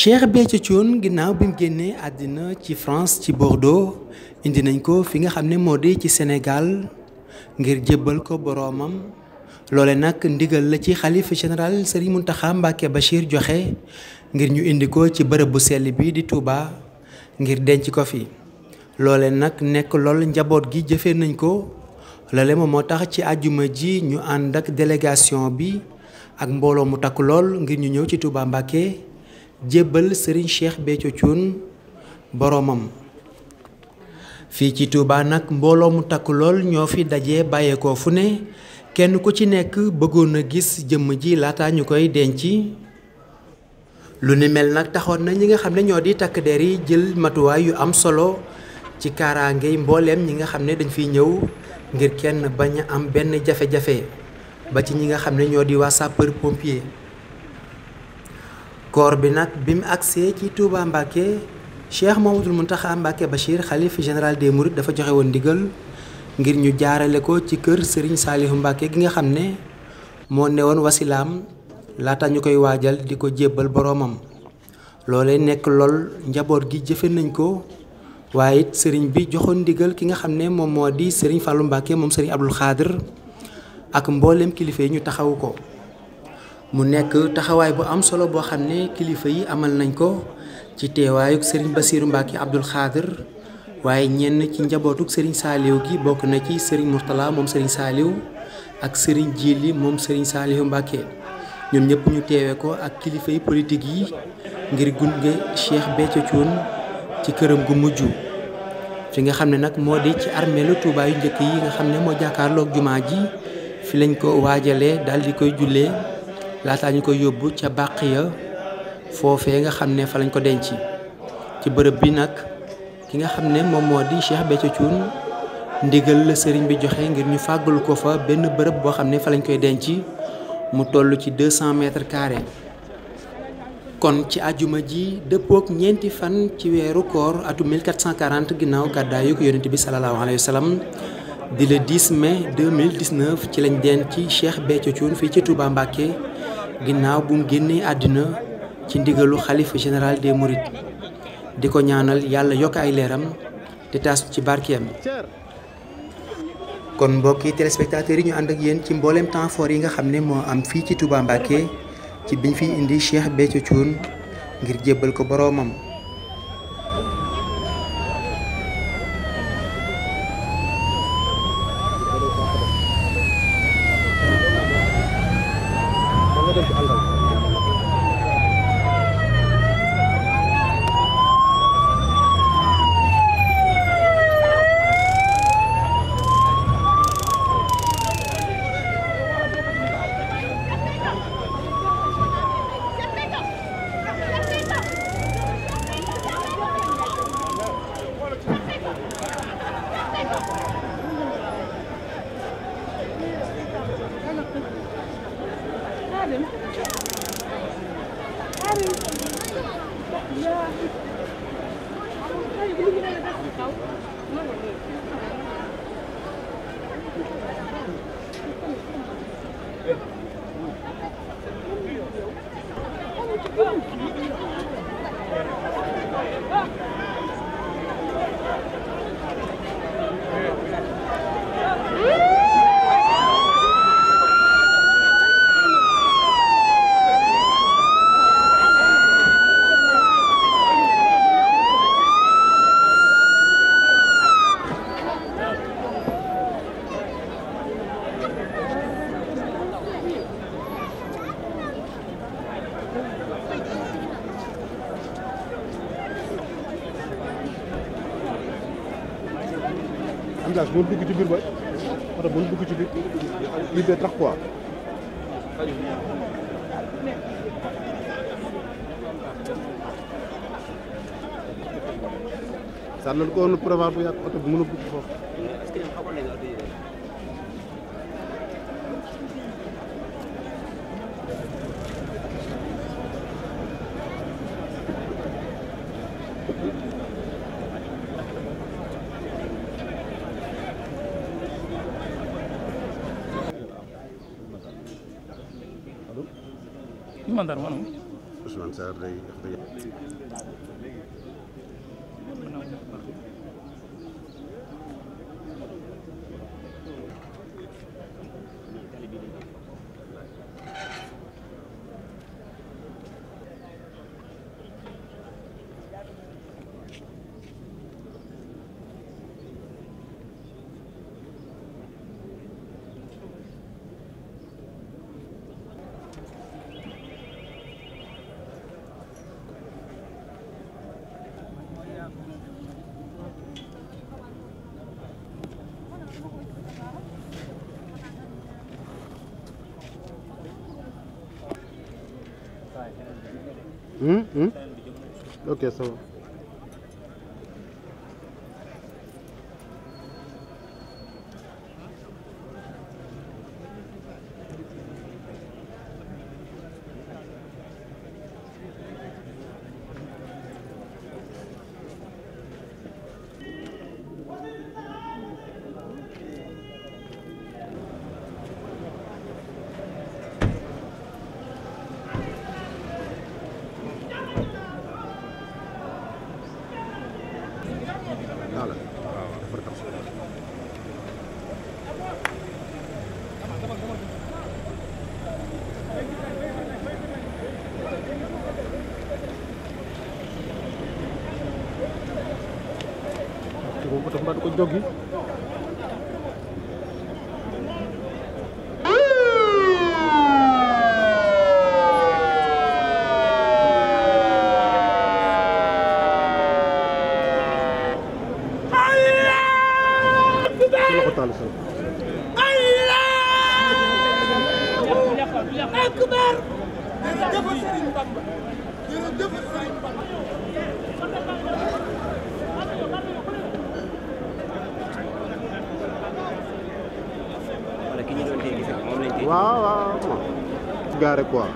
Cheikh Béthio Thioune ginnaaw bi génnee àddina ci France ci Bordeaux indi nañ ko fi nga xam ne moo di ci Sénégal ngir jébbal ko boroomam loole nag ndigal la ci xalifa général Serigne Mountakha ba Bachir joxe ngir ñu indi ko ci bërëb bu sell bi di Touba ngir denc ko fi loole nag nekk lool njaboot gi jëfee nañ ko loole moom moo tax ci àjjuma ji ñu ànd ak délégation bi ak mbooloo mu takk lool ngir ñu ñëw ci Touba Mbacké jébbal sëriñ Cheikh Béthio Thioune boroomam fii ci Touba nag mbooloo mu takk lool ñoo fi daje bàyyeekoo fu ne kenn ku ci nekk bëggoon a gis jëmm ji laata ñu koy denc lu ni mel nag taxoon na ñi nga xam ne ñoo di takk der yi jël matuwaay yu am solo ci kaaraangey mbooleem ñi nga xam ne dañ fiy ñëw ngir kenn bañ a am benn jafe-jafe ba ci ñi nga xam ne ñoo di waa sapeur pompier. koor bi nag bi mu agsee ci Touba Mbacke Cheikh Mouhamadoul Mountakha Mbacke Bachir xalif général de Mourides dafa joxe woon ndigal ngir ñu jaarale ko ci kër Serigne Saliou Mbacke gi nga xam ne moo ne woon wasilaam laata ñu koy waajal di ko jébbal boroomam loolee nekk lool njaboot gi jëfe nañ ko waaye sëriñ bi joxoon ndigal ki nga xam ne moom moo di Serigne Fallou Mbacke moom Serigne Abdoul Khadr ak mboolem kilifa yi ñu taxawu ko. mu nekk taxawaay bu am solo boo xam ne kilifa yi amal nañ ko ci teewaayuk sëriñ Basiiru Mbàkke Abdul Xaadir waaye ñenn ci njabootuk sëriñ Saaliw gi bokk na ci sëriñ Murtala moom sëriñ Saaliw ak sëriñ Jili moom sëriñ Saaliw Mbàkke ñoom ñëpp ñu teewe ko ak kilifa yi politique yi ngir gunge Cheikh Béthio Thioune ci këram gu mujj fi nga xam ne nag moo di ci armeelu Tuubaa njëkk yi nga xam ne moo jàkkaarloog jumaa ji fi lañ ko waajalee daal di koy jullee laataa ñu koy yóbbu ca bàq ya foofee nga xam ne fa lañ ko denc ci bërëb bi nag ki nga xam ne moom moo di Cheikh Béthio Thioune ndigal la sëriñ bi joxe ngir ñu fàggul ko fa benn bërëb boo xam ne fa lañ koy denc mu toll ci 200 mètres carrés kon ci ajuma ji dëppook ñeenti fan ci weeru koor atum 1440 ginnaaw gàddaayu ko yonent bi salallaahu alayhi wa sallam di le 10 mai 2019 ci lañ denc Cheikh Béthio Thioune fii ci Touba Mbacké ginaaw bu mu génnee àddina ci ndigalu xalifa général des mourides di ko ñaanal yàlla yokk ay leeram te taas ci barkeem kon mbokki téléspectateurs yi ñu ànd ak yéen ci mbooleem temps fort yi nga xam ne moo am fii ci Touba Mbacké ci biñ fi indi Cheikh Béthio Thioune ngir jébbal ko boroomam parce que ci biir ba oto bu dugg ci biir biir bee tax quoi. sànni ko bu yàgg oto bi mën a dugg foofu. gendarme anu Ousmane Sarr day Hmm? Hmm? ok ça va ba du ko joggi préparé quoi.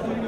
Thank you.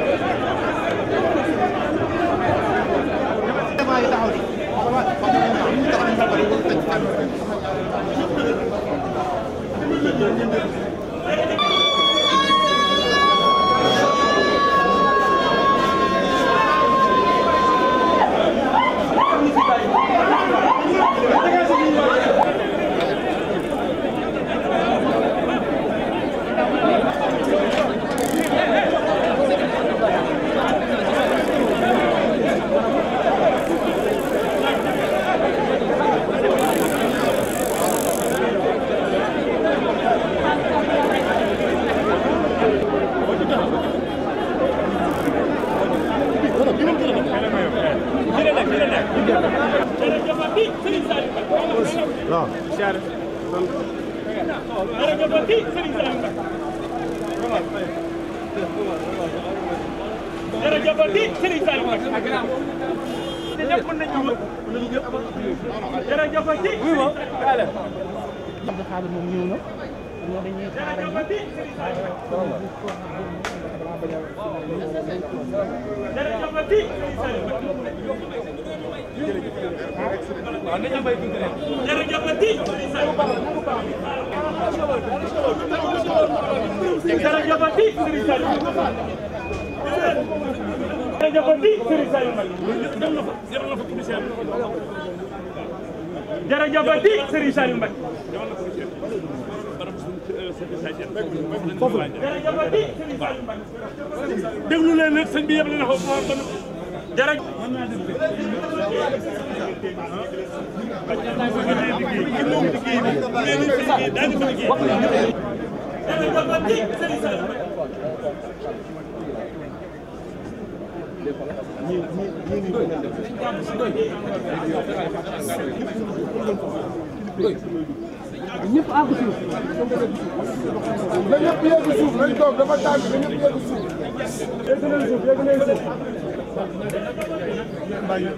Abdou Khadr moom ñëw na ñoo dañuy xaaral ñu jërëjëfati jërëjëfati jërëjëfati Serigne Saliou Mbacké. jërëjëfati Serigne Saliou Mbacké. déglu leen nag sëñ bi yëpp na ko jërëjëf. jërëjëfati Serigne Saliou Mbacké. ñëpp àgg suuf. na ñëpp yegg suuf nañ toog dafa tàng na ñëpp yegg suuf. yegg nañ suuf yegg nañ suuf.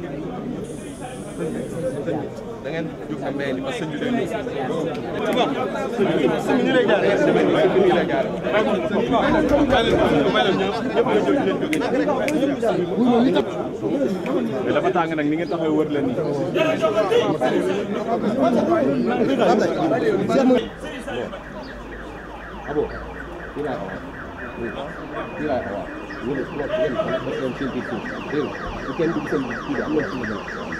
da ngeen jóg sa mbéy mi ba sëñ bi lay nuyu. sëñ bi ñu lay jaaree sëñ bi ñu lay jaaree. mais dafa tàng nag ni ngeen taxawee wër leen nii. abo fii laa ko wax fii laa ko wax ñu ne su ma su ngeen ko wax ngeen seen biir suuf dégg nga su kenn dugg seen biir suuf am na suñu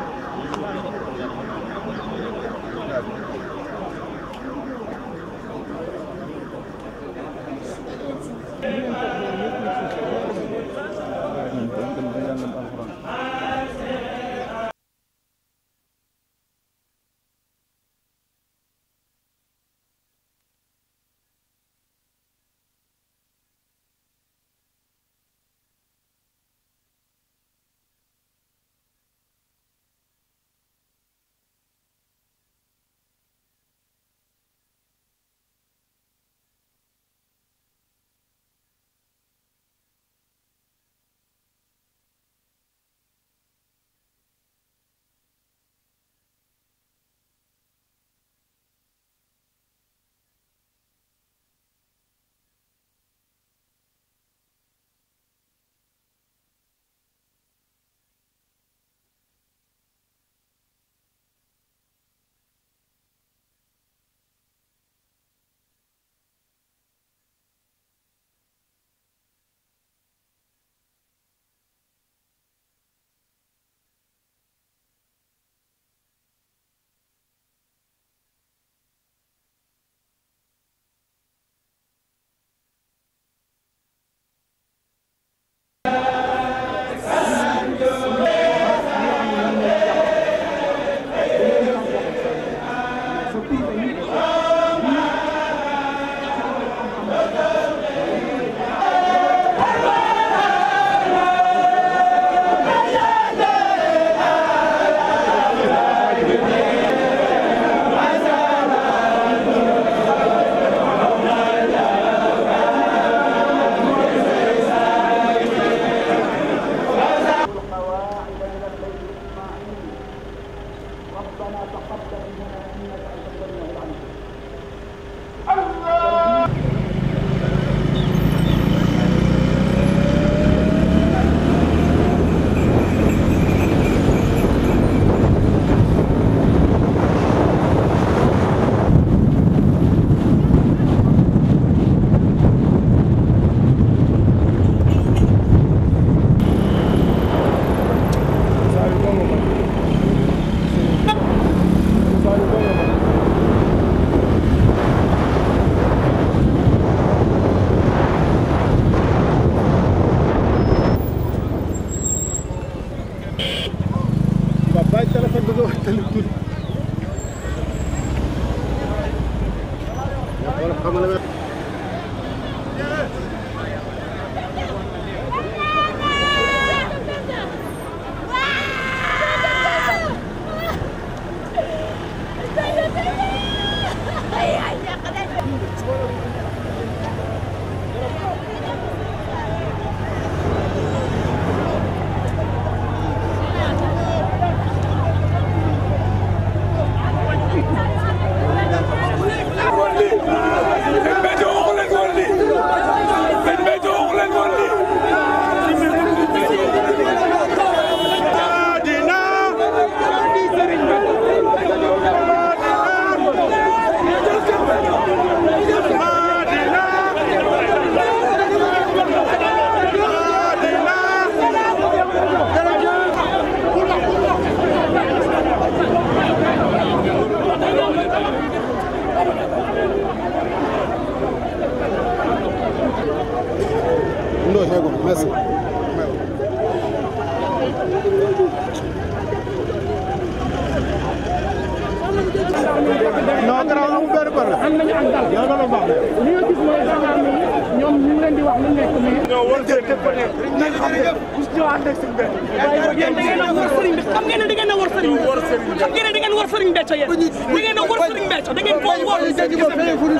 Béthio da ngeen koo wóor da ngeen a wóor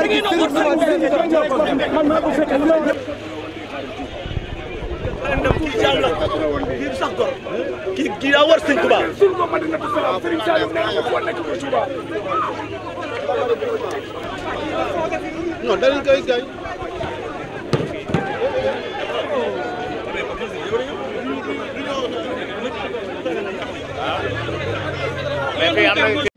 Serigne Béthio yàlla kii sax gor kii kii daa war sëñ Tuubaa non da leen koy gañ mais